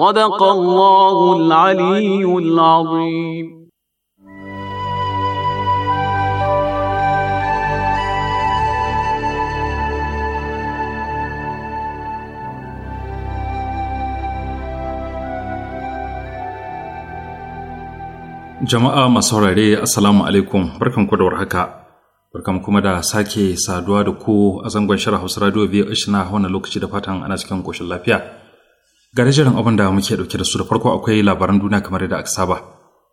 صدق الله العلي العظيم Jama'a masu saurare Assalamu alaikum barkan ku da warhaka. Barkan kuma da sake saduwa da ku a zangon shirin Hausa Radio biyu na wannan lokaci da fatan ana cikin koshin lafiya. gare jiran abin da muke dauke da su da farko akwai labaran duniya kamar yadda aka saba.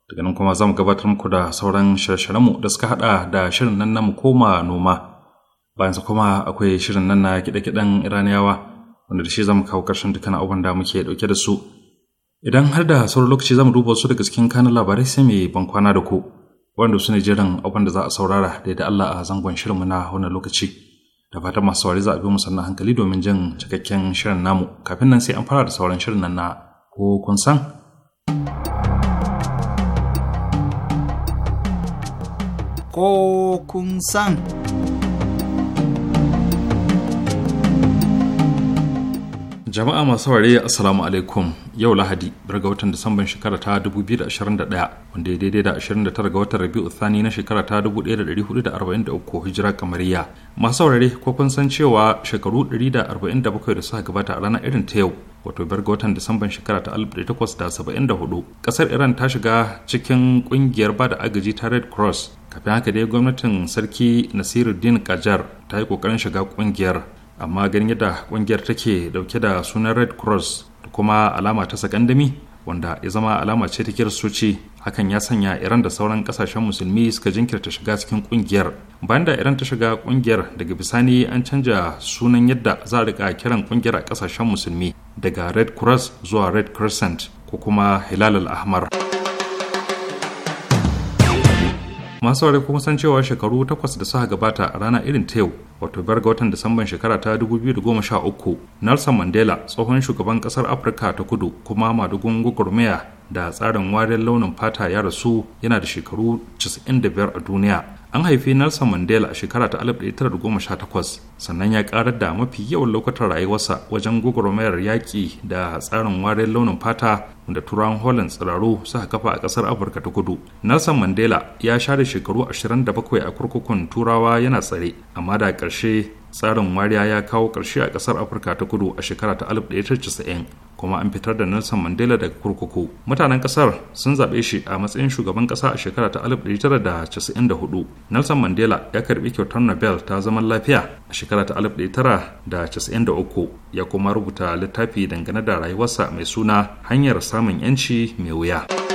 Daga nan kuma za mu gabatar muku da sauran shirye mu da suka haɗa da shirin nan na mu koma noma. Bayan sa kuma akwai shirin nan na kiɗe-kiɗen Iraniyawa wanda da shi za mu kawo ƙarshen dukkan abin da muke dauke da su. Idan har da sauran lokaci za mu duba su daga cikin kanin labarai sai mai ban kwana da ku. Wanda su ne jiran abin da za a saurara da yadda Allah a zangon mu na wannan lokaci. da fatan masu saurari za a bi mu sannan hankali domin jin cikakken shirin namu kafin nan sai an fara da sauran shirin nan na ko kun san ko kun san jama'a masu saurare assalamu alaikum yau lahadi ga watan disamban shekara ta 2021 wanda ya daidai da 29 ga watan rabi'u thani na shekara ta 1443 hijira kamariya masu saurari ko kun san cewa shekaru 147 da suka gabata a ranar irin ta yau wato bar ga watan disamban shekara ta 1874 kasar iran ta shiga cikin kungiyar bada agaji ta red cross kafin haka dai gwamnatin sarki nasiruddin kajar ta yi kokarin shiga kungiyar amma ganin yadda kungiyar take dauke da sunan red cross da kuma alama ta sakandami wanda ya zama alama ce ta kiristoci hakan ya sanya iran da sauran kasashen musulmi suka jinkirta shiga cikin kungiyar bayan da iran ta shiga kungiyar daga bisani an canja sunan yadda za a rika kiran kungiyar a kasashen musulmi daga red cross zuwa red crescent ko kuma hilal al-ahmar masu ware kuma san cewa shekaru takwas da suka gabata a rana irin ta yau wato biyar ga watan disamban shekara ta 2013 nelson mandela tsohon shugaban kasar afirka ta kudu kuma madugun gwagwarmaya da tsarin wariyar launin fata ya rasu yana da shekaru 95 a duniya an haifi nelson mandela a shekara ta 1918 sannan ya karar da mafi yawan lokutan rayuwarsa wajen gwagwarmayar yaƙi da tsarin wariyar launin fata da turawan holland tsiraro suka kafa a ƙasar afirka ta kudu nelson mandela ya share shekaru 27 a kurkukun turawa yana tsare amma da ƙarshe tsarin wariya ya kawo ƙarshe a ƙasar afirka ta kudu a shekara ta 1990 kuma an fitar da nelson mandela daga kurkuku mutanen ƙasar sun zaɓe shi a matsayin shugaban ƙasa a shekara ta 1994 nelson mandela ya karɓi kyautar nobel ta zaman lafiya a shekara ta 1993 ya kuma rubuta littafi dangane da rayuwarsa mai suna hanyar samun 'yanci mai wuya.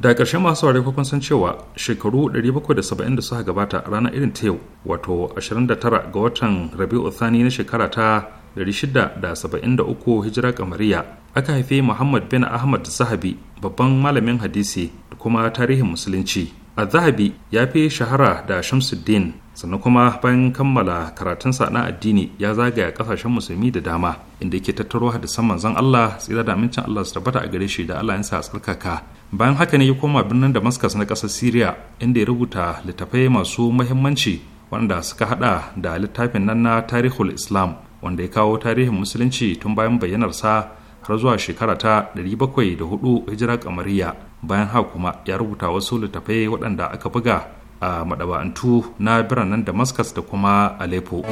da ƙarshe masu ware kuma san cewa shekaru 770 da suka gabata rana ranar irin ta yau wato 29 ga watan rabi'u thani na shekara ta 673 hijira kamariya aka haife muhammad bin ahmad zahabi babban malamin hadisi da kuma tarihin musulunci a zahabi ya fi shahara da Shamsuddin sannan kuma bayan kammala karatunsa na addini ya zagaya kasashen musulmi da dama inda yake tattaro saman manzon Allah tsira da amincin Allah su tabbata a gare shi da Allah yansa a tsarkaka bayan haka ne ya koma birnin Damascus na ƙasar Syria inda ya rubuta littafai masu muhimmanci wanda suka hada da littafin nan na Tarihul Islam wanda ya kawo tarihin musulunci tun bayan bayyanarsa har zuwa shekara ta 704 hijira kamariya bayan haka kuma ya rubuta wasu littafai waɗanda aka buga a madaba'antu na biranen damascus da kuma aleppo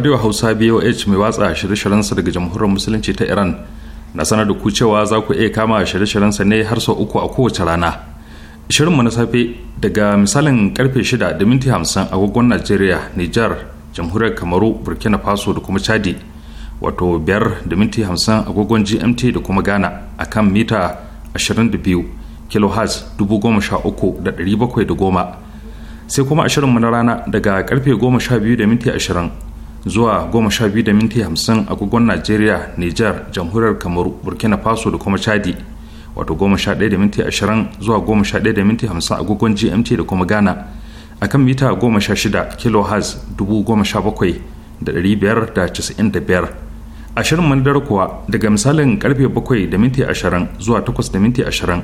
radio hausa boh mai watsa shirye-shiryensa daga jamhuriyar musulunci ta iran na sanar da ku cewa za ku iya kama shirye-shiryensa ne har sau uku a kowace rana shirin mu na safe daga misalin karfe shida da minti 50 agogon najeriya niger jamhuriyar kamaru burkina faso da kuma chadi wato 5 da minti 50 agogon gmt da kuma ghana a kan mita 22 kilohertz 13710 sai kuma ashirinmu na rana daga karfe goma sha biyu da minti ashirin zuwa goma sha biyu da minti hamsin agogon najeriya niger jamhuriyar kamaru burkina faso da kuma chadi wato 11:20 sha ɗaya da zuwa goma sha ɗaya agogon gmt da kuma ghana a kan mita goma sha shida kilohertz dubu goma sha bakwai da ɗari biyar da da biyar ashirin manadar kuwa daga misalin karfe bakwai da minti ashirin zuwa takwas da minti ashirin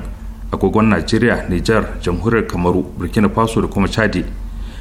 agogon najeriya niger jamhuriyar kamaru burkina faso da kuma chadi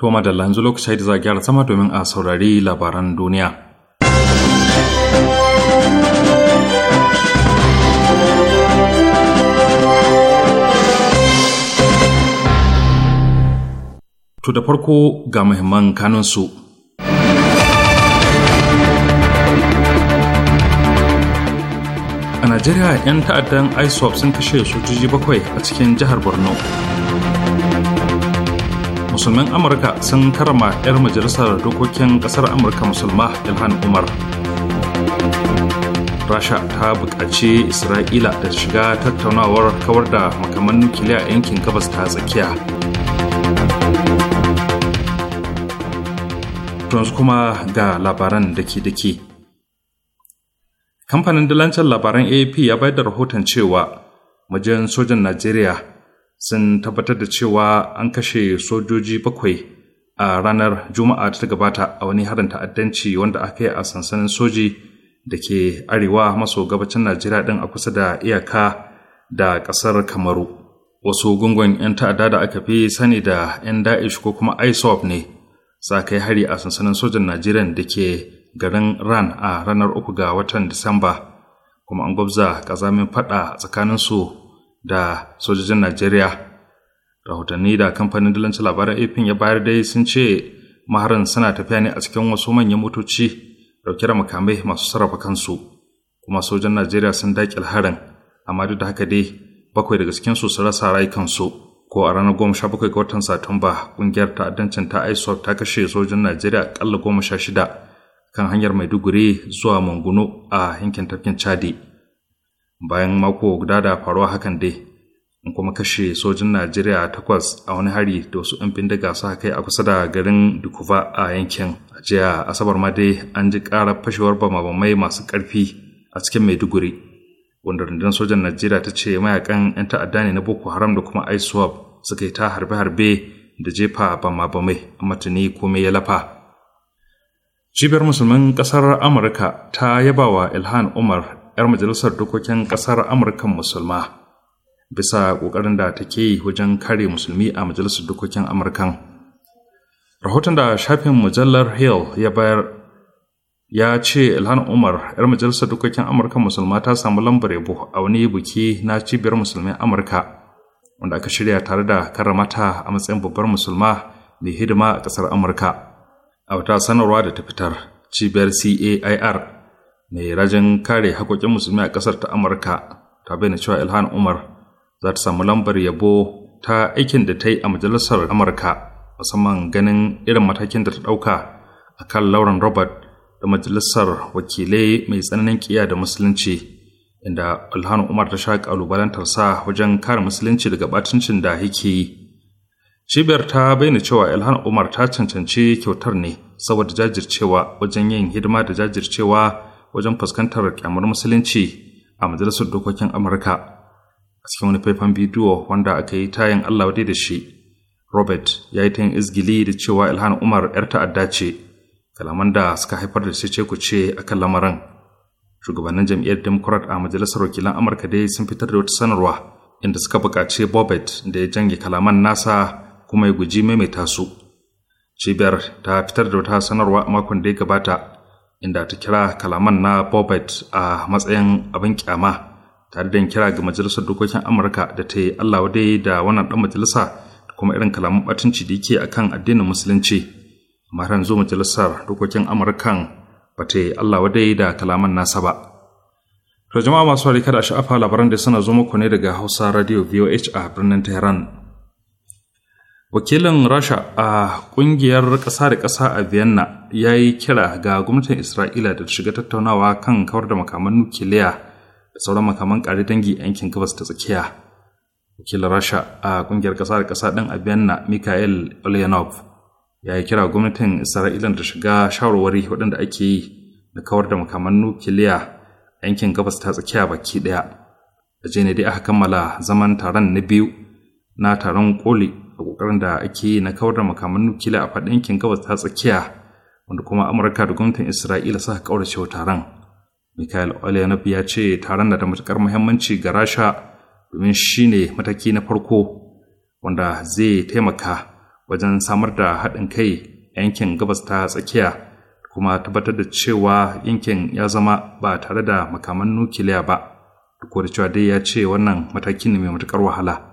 To madalla yanzu lokaci da za a gyara sama domin a saurari labaran duniya. To da farko ga muhimman kanunsu. A Najeriya 'yan ta'addan ISOP sun kashe sojoji bakwai a cikin jihar Borno. musulmin amurka sun karama 'yar majalisar dokokin kasar amurka musulma ilhan umar rasha ta buƙaci isra'ila da shiga tattaunawar kawar da makaman nukiliya a yankin gabas ta tsakiya yanzu kuma ga labaran dake-dake kamfanin dalancin labaran aap ya bayar da rahoton cewa majin sojan najeriya sun tabbatar da cewa an kashe sojoji bakwai a ranar juma'a ta gabata a wani harin ta'addanci wanda aka yi a sansanin soji da ke arewa maso gabacin najeriya din a kusa da iyaka da ƙasar kamaru wasu gungun 'yan ta'adda da aka fi sani da 'yan da'ish ko kuma isop ne sa kai hari a sansanin sojan najeriya da ke garin ran a ranar uku ga watan disamba kuma an gwabza ƙazamin faɗa tsakaninsu da sojojin Najeriya. Rahotanni da kamfanin dalancin labaran AFP ya bayar dai sun ce maharin suna tafiya ne a cikin wasu manyan motoci dauke da makamai masu sarrafa kansu kuma sojan Najeriya sun daƙi harin amma duk da haka dai bakwai daga cikin su su rasa rayukansu ko a ranar goma sha bakwai ga watan Satumba ƙungiyar ta'addancin ta ISOP ta kashe sojan Najeriya kalla goma sha shida kan hanyar Maiduguri zuwa Manguno a yankin tafkin Chadi. bayan mako guda da faruwa hakan dai in kuma kashe sojin najeriya takwas a wani hari da wasu 'yan bindiga su kai a kusa da garin dukuva a yankin jiya asabar ma dai an ji ƙarar fashewar bamabamai masu ƙarfi a cikin maiduguri wanda rundunar sojan najeriya ta ce mayakan 'yan ta'adda ne na boko haram da kuma iswap suka yi ta harbe-harbe da jefa bamabamai a matani komai ya lafa Cibiyar Musulmin Ƙasar Amurka ta yaba wa Ilhan Umar 'yar majalisar dokokin kasar amurka musulma bisa ƙoƙarin da take yi wajen kare musulmi a majalisar dokokin amurkan rahoton da shafin mujallar hill ya bayar ya ce ilhan umar 'yar majalisar dokokin amurka musulma ta samu lambar yabo a wani buki na cibiyar musulmin amurka wanda aka shirya tare da karramata a matsayin babbar musulma mai hidima a ƙasar amurka a wata sanarwa da ta fitar cibiyar cair mai rajin kare haƙoƙin musulmi a ƙasar ta amurka ta bayyana cewa ilhan umar za ta samu lambar yabo ta aikin da ta yi a majalisar amurka musamman ganin irin matakin da ta ɗauka a kan lauren robert da majalisar wakilai mai tsananin ƙiya da musulunci inda ilhan Umar ta sha sa wajen kare musulunci daga batuncin da yake yi. Cibiyar ta bayyana cewa ilhan Umar ta cancanci kyautar ne saboda jajircewa wajen yin hidima da jajircewa wajen fuskantar kyamar musulunci a majalisar dokokin amurka a cikin wani faifan bidiyo wanda aka yi tayin allah wadai da shi robert ya yi ta yin izgili da cewa ilhan umar yar ta'adda ce kalaman da suka haifar da cece ku ce a kan lamarin shugabannin jam'iyyar democrat a majalisar wakilan amurka dai sun fitar da wata sanarwa inda suka buƙaci bobet da ya janye kalaman nasa kuma ya guji maimaita su cibiyar ta fitar da wata sanarwa makon da ya gabata inda ta kira kalaman na bobet a matsayin abin kyama tare da kira ga majalisar dokokin amurka da ta yi allah wadai da wannan ɗan majalisa da kuma irin kalaman batunci da yake akan addinin musulunci amma yanzu majalisar dokokin amurkan ba ta yi allah wadai da kalaman nasa ba To jama'a masu harika da sha'afa labaran da suna zo muku ne daga Hausa Radio VOH a birnin Tehran wakilin rasha a kungiyar ƙasa da ƙasa a vienna ya yi kira ga gwamnatin isra'ila da shiga tattaunawa kan kawar da makaman nukiliya da sauran makaman ƙari dangi yankin gabas ta tsakiya wakilin rasha a kungiyar ƙasa da kasa ɗin a vienna mikhail olyanov ya yi kira gwamnatin isra'ila da shiga shawarwari waɗanda ake yi da kawar da makaman nukiliya a yankin gabas ta tsakiya baki ɗaya da ne dai aka kammala zaman taron na biyu na taron koli da kokarin da ake yi na kawar da makaman nukiliya a faɗin yankin gabas ta tsakiya wanda kuma amurka da gwamnatin isra'ila suka ƙaurace wa taron mikhail olyanov ya ce taron na da matukar muhimmanci ga rasha domin shi ne mataki na farko wanda zai taimaka wajen samar da haɗin kai a yankin gabas ta tsakiya kuma tabbatar da cewa yankin ya zama ba tare da makaman nukiliya ba duk da cewa dai ya ce wannan matakin ne mai matukar wahala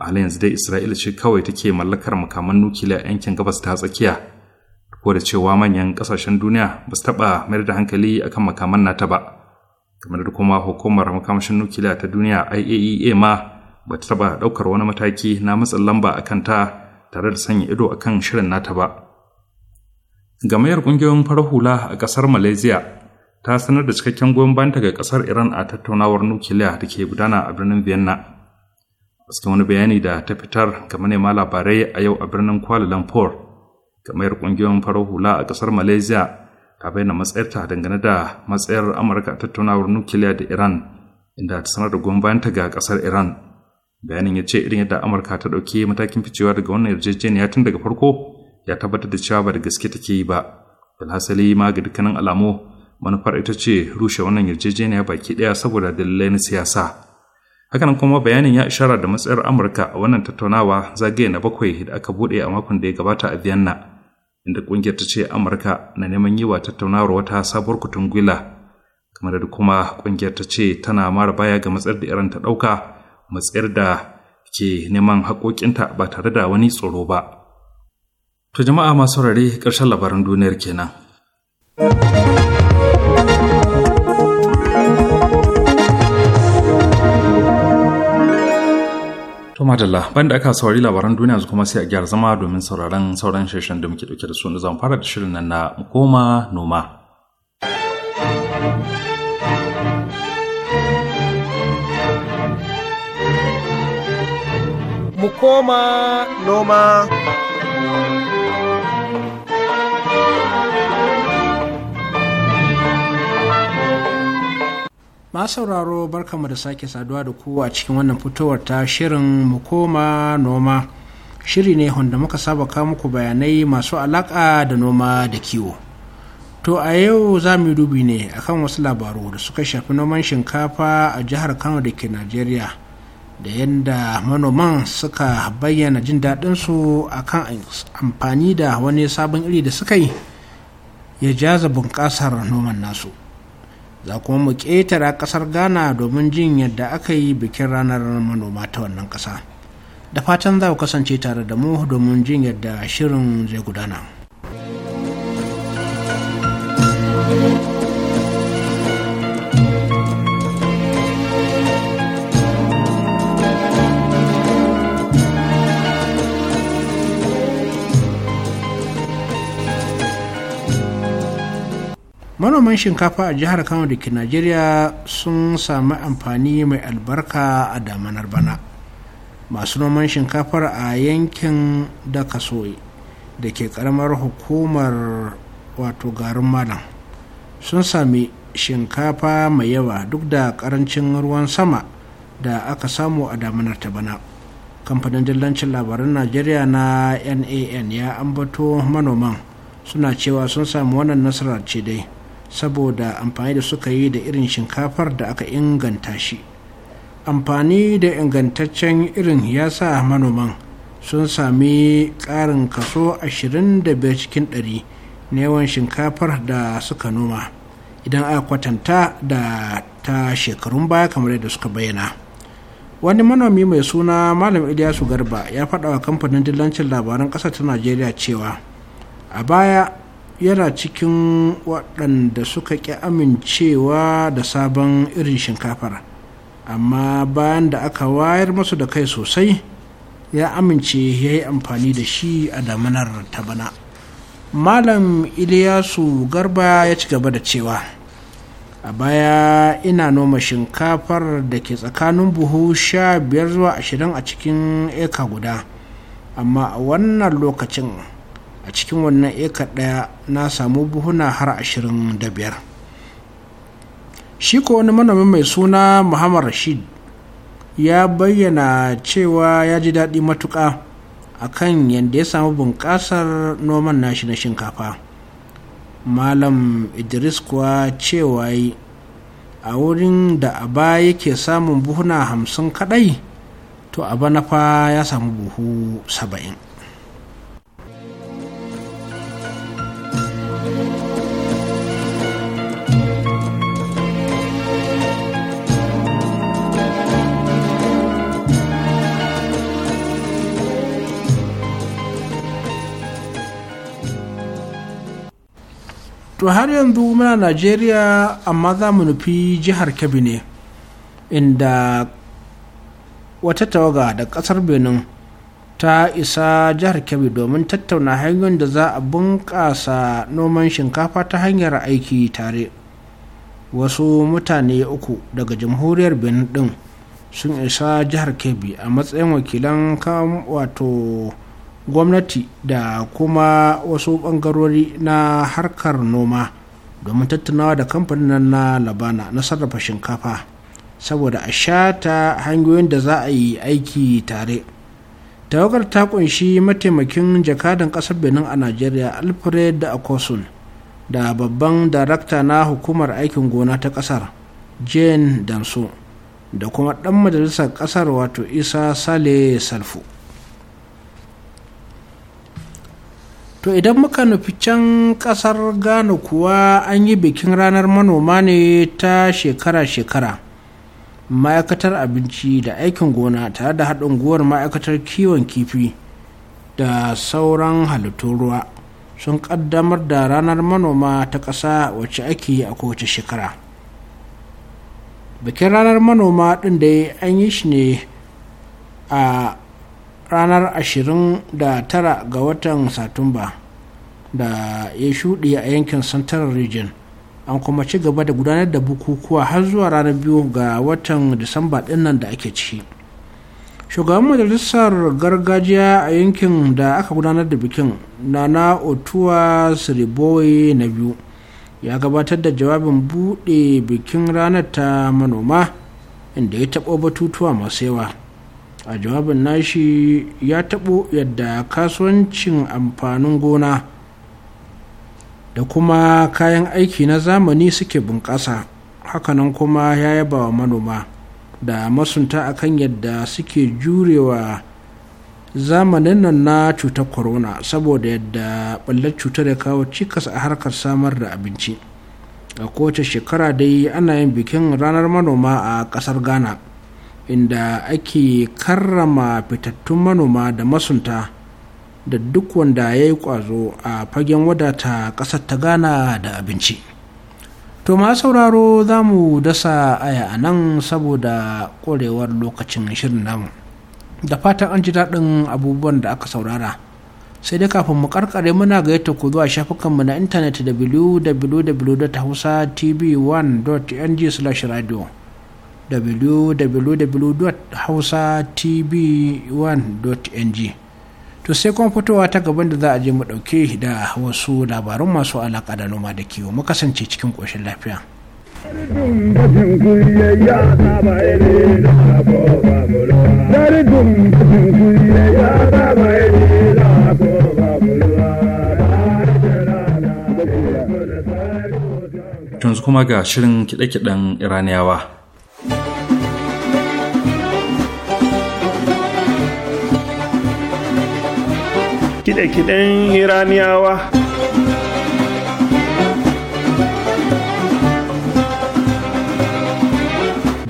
a halin yanzu dai isra'ila ce kawai take mallakar makaman nukiliya yankin gabas ta tsakiya ko da cewa manyan kasashen duniya ba su taɓa mayar da hankali akan makaman nata ba kamar da kuma hukumar makamashin nukiliya ta duniya iaea e ma ba ta taɓa ɗaukar wani mataki na matsin lamba a kanta tare da sanya ido akan shirin nata ba gamayar ƙungiyoyin farar hula a ƙasar malaysia ta sanar da cikakken goyon banta ga ƙasar iran a tattaunawar nukiliya da ke gudana a birnin vienna a wani bayani da ta fitar ga manema labarai a yau a birnin Kuala Lumpur gamayar kungiyoyin farar hula a kasar Malaysia ta bayyana matsayarta dangane da matsayar Amurka a tattaunawar nukiliya da Iran inda ta sanar da goyon bayanta ga kasar Iran bayanin ya ce irin yadda Amurka ta ɗauki matakin ficewa daga wannan yarjejeniya tun daga farko ya tabbatar da cewa ba da gaske take yi ba alhasali ma ga dukkanin alamu manufar ita ce rushe wannan yarjejeniya baki ɗaya saboda dalilai na siyasa hakanan kuma bayanin ya ishara da matsayar amurka a wannan tattaunawa zagaye na bakwai da aka bude a makon da ya gabata a vienna inda kungiyar ta ce amurka na neman yi wa tattaunawar wata sabuwar kutun gwila kamar da kuma kungiyar ta ce tana mara baya ga matsayar da iran ta dauka matsayar da ke neman haƙoƙinta ba tare da wani tsoro ba to jama'a masu rare ƙarshen labaran duniyar kenan. To madalla da aka saurari labaran duniya yanzu kuma sai a gyara zama domin sauraron sauran shirin da muke dauke da su da zan fara da shirin nan na koma noma. Mu koma noma. ma sauraro mu da sake saduwa da ku a cikin wannan fitowar ta shirin mu koma noma shiri ne wanda muka saba kawo muku bayanai masu alaƙa da noma da kiwo to a yau za mu dubi ne akan wasu labaru da suka shafi noman shinkafa a jihar kano da ke najeriya da yadda manoman suka bayyana jin daɗinsu akan amfani da wani sabon iri da suka yi ya jaza bunƙasar noman nasu za kuma mu ƙetara ƙasar ghana domin jin yadda aka yi bikin ranar manoma ta wannan ƙasa da fatan za ku kasance tare da mu domin jin yadda shirin zai gudana. manoman shinkafa a jihar kano da ke najeriya sun sami amfani mai albarka a damanar bana masu noman shinkafar a yankin da kaso da ke karamar hukumar wato garin malam sun sami shinkafa mai yawa duk da karancin ruwan sama da aka samu a damanar ta bana kamfanin dillancin labaran najeriya na nan ya ambato manoman suna cewa sun sami wannan nasarar ce dai saboda amfani da suka yi da irin shinkafar da aka inganta shi amfani da ingantaccen irin ya sa manoman sun sami ƙarin kaso 25 cikin 100 na yawan shinkafar da suka noma idan aka kwatanta da ta shekarun baya kamar yadda suka bayyana wani manomi mai suna malam iliyasu garba ya faɗa wa kamfanin dillancin labaran ƙasar ta najeriya cewa a baya yana cikin waɗanda suka ƙi amincewa da sabon irin shinkafar amma bayan da aka wayar masu da kai sosai ya amince ya yi amfani da shi a damanar ta bana malam iliyasu garba ya ci gaba da cewa a baya ina noma shinkafar da ke tsakanin buhu sha biyar zuwa ashirin a cikin eka guda amma a wannan lokacin a cikin wannan eka ɗaya na samu buhuna har ashirin da biyar shi ko wani manomi mai suna muhammad rashid ya bayyana cewa ya ji daɗi matuƙa kan yadda ya samu bunƙasar noman nashi na shinkafa malam idris kuwa cewa a wurin da a baya yake samun buhuna hamsin kaɗai to a bana fa ya samu buhu saba'in to har yanzu muna najeriya amma za mu nufi jihar kebbi ne inda wata tawaga da kasar benin ta isa jihar kebbi domin tattauna hanyoyin da za a bunƙasa noman shinkafa ta hanyar aiki tare wasu mutane uku daga jamhuriyar benin din sun isa jihar kebbi a matsayin wakilan wato gwamnati da kuma wasu bangarori na harkar noma domin tattunawa da kamfanin na labana na sarrafa shinkafa saboda a shata hanyoyin da za a yi aiki tare tawagar ta kunshi mataimakin jakadan kasar benin a nigeria alfred akosul da babban darakta na hukumar aikin gona ta kasar jane danso da kuma dan majalisar kasar wato isa sale salfo to idan muka nufi can kasar ghana kuwa an yi bikin ranar manoma ne ta shekara-shekara ma'aikatar abinci da aikin gona tare da haɗin guwar ma'aikatar kiwon kifi da sauran halittun ruwa sun ƙaddamar da ranar manoma ta ƙasa wacce ake yi a kowace shekara bikin ranar manoma ɗin da an yi shi ne a ranar 29 ga watan satumba da ya shuɗe a yankin central region an kuma ci gaba da gudanar da bukukuwa har zuwa ranar biyu ga watan disamba dinnan da ake ciki shugaban majalisar gargajiya a yankin da aka gudanar da bikin na otuwa siriboye na biyu ya gabatar da jawabin buɗe bikin ranar ta manoma inda ya taɓo batutuwa masu yawa a jawabin nashi ya taɓo yadda kasuwancin amfanin gona da kuma kayan aiki na zamani suke bunƙasa hakanan kuma ya yaba wa manoma da masunta akan yadda suke jurewa zamanin nan na cutar corona saboda yadda ɓallar cutar ya kawo cikas a harkar samar da abinci a kowace shekara dai ana yin bikin ranar manoma a ƙasar ghana inda ake karrama fitattun manoma da masunta da duk wanda ya yi kwazo a fagen wadata ƙasar ta ghana da abinci to ma sauraro za mu dasa aya a nan saboda ƙwarewar lokacin shirin namu da fatan an ji daɗin abubuwan da aka saurara sai dai kafin mu karkare muna gayyata ku zuwa shafukanmu na intanet www.hausatv1.ng/radio www.hausatv1.ng to sai kuma fitowa ta gaban da za a je mu dauke da wasu labarun masu alaka da noma da kiwo mu kasance cikin ƙoshin lafiya kuma ga shirin kiɗe-kiɗen iraniyawa kide-kiden iraniyawa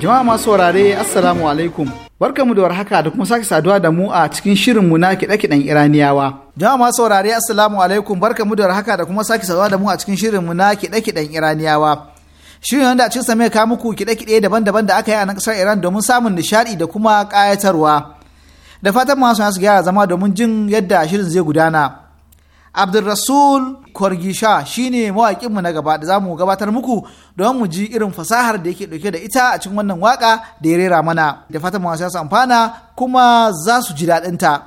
jama'a masu saurare assalamu alaikum barkamu da warhaka da kuma sake saduwa da mu a cikin shirinmu na kide kiɗen iraniyawa jama'a masu saurare assalamu alaikum barkamu da warhaka da kuma sake saduwa da mu a cikin shirinmu na kide kiɗen iraniyawa shirin wanda a cikin sa ka muku kiɗe-kiɗe daban-daban da aka yi a nan ƙasar iran domin samun nishaɗi da kuma ƙayatarwa da fatan masu su gyara zama domin jin yadda shirin zai gudana abdulrasul shi ne mawaƙinmu na gaba da za mu gabatar muku don mu ji irin fasahar da yake ɗauke da ita a cikin wannan waƙa da ya rera mana da fatan masu su amfana kuma za su ji daɗinta.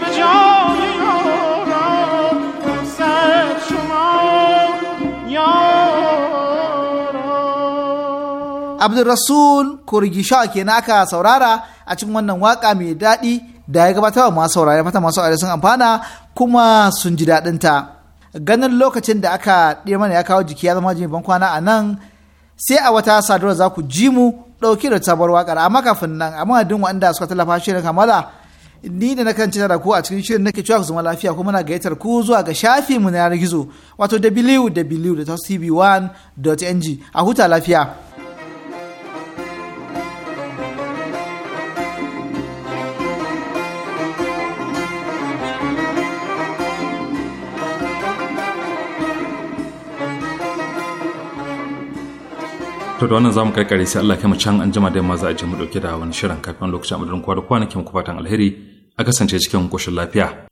به جای یاران صد شما kurgisha aka saurara a cikin wannan waka mai daɗi da ya gabata wa masu saurare mata masu aure sun amfana kuma sun ji daɗin ganin lokacin da aka ɗira mana ya kawo jiki ya zama jimi kwana a nan sai a wata sadarwa za ku ji mu ɗauki da sabuwar waƙar amma kafin nan amma duk wanda suka tallafa shi ne kamala ni da nakan ci da ku a cikin shirin nake cewa ku zama lafiya kuma na gayyatar ku zuwa ga shafi mu na yanar gizo wato www.tv1.ng a huta lafiya to da wannan zamu karkare sai Allah kai mu can an jima da yamma za a je mu dauke da wani shirin kafin lokacin amudurin kwa da kwanakin ku fatan alheri a kasance cikin koshin lafiya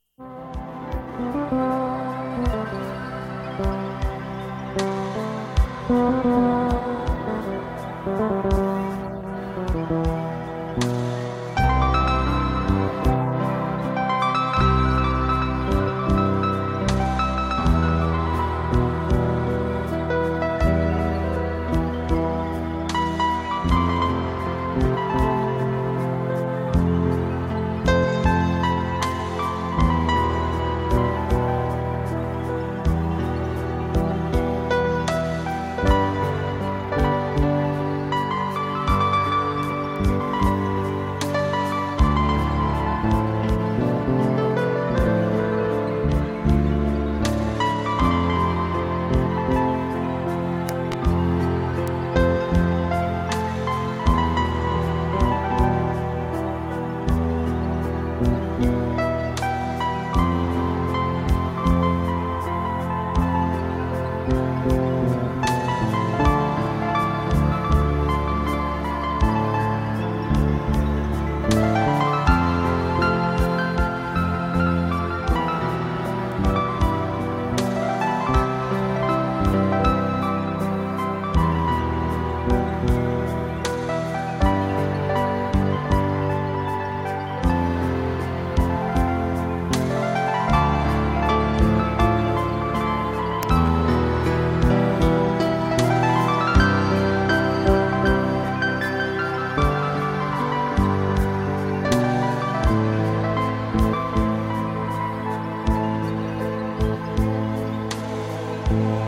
Bye.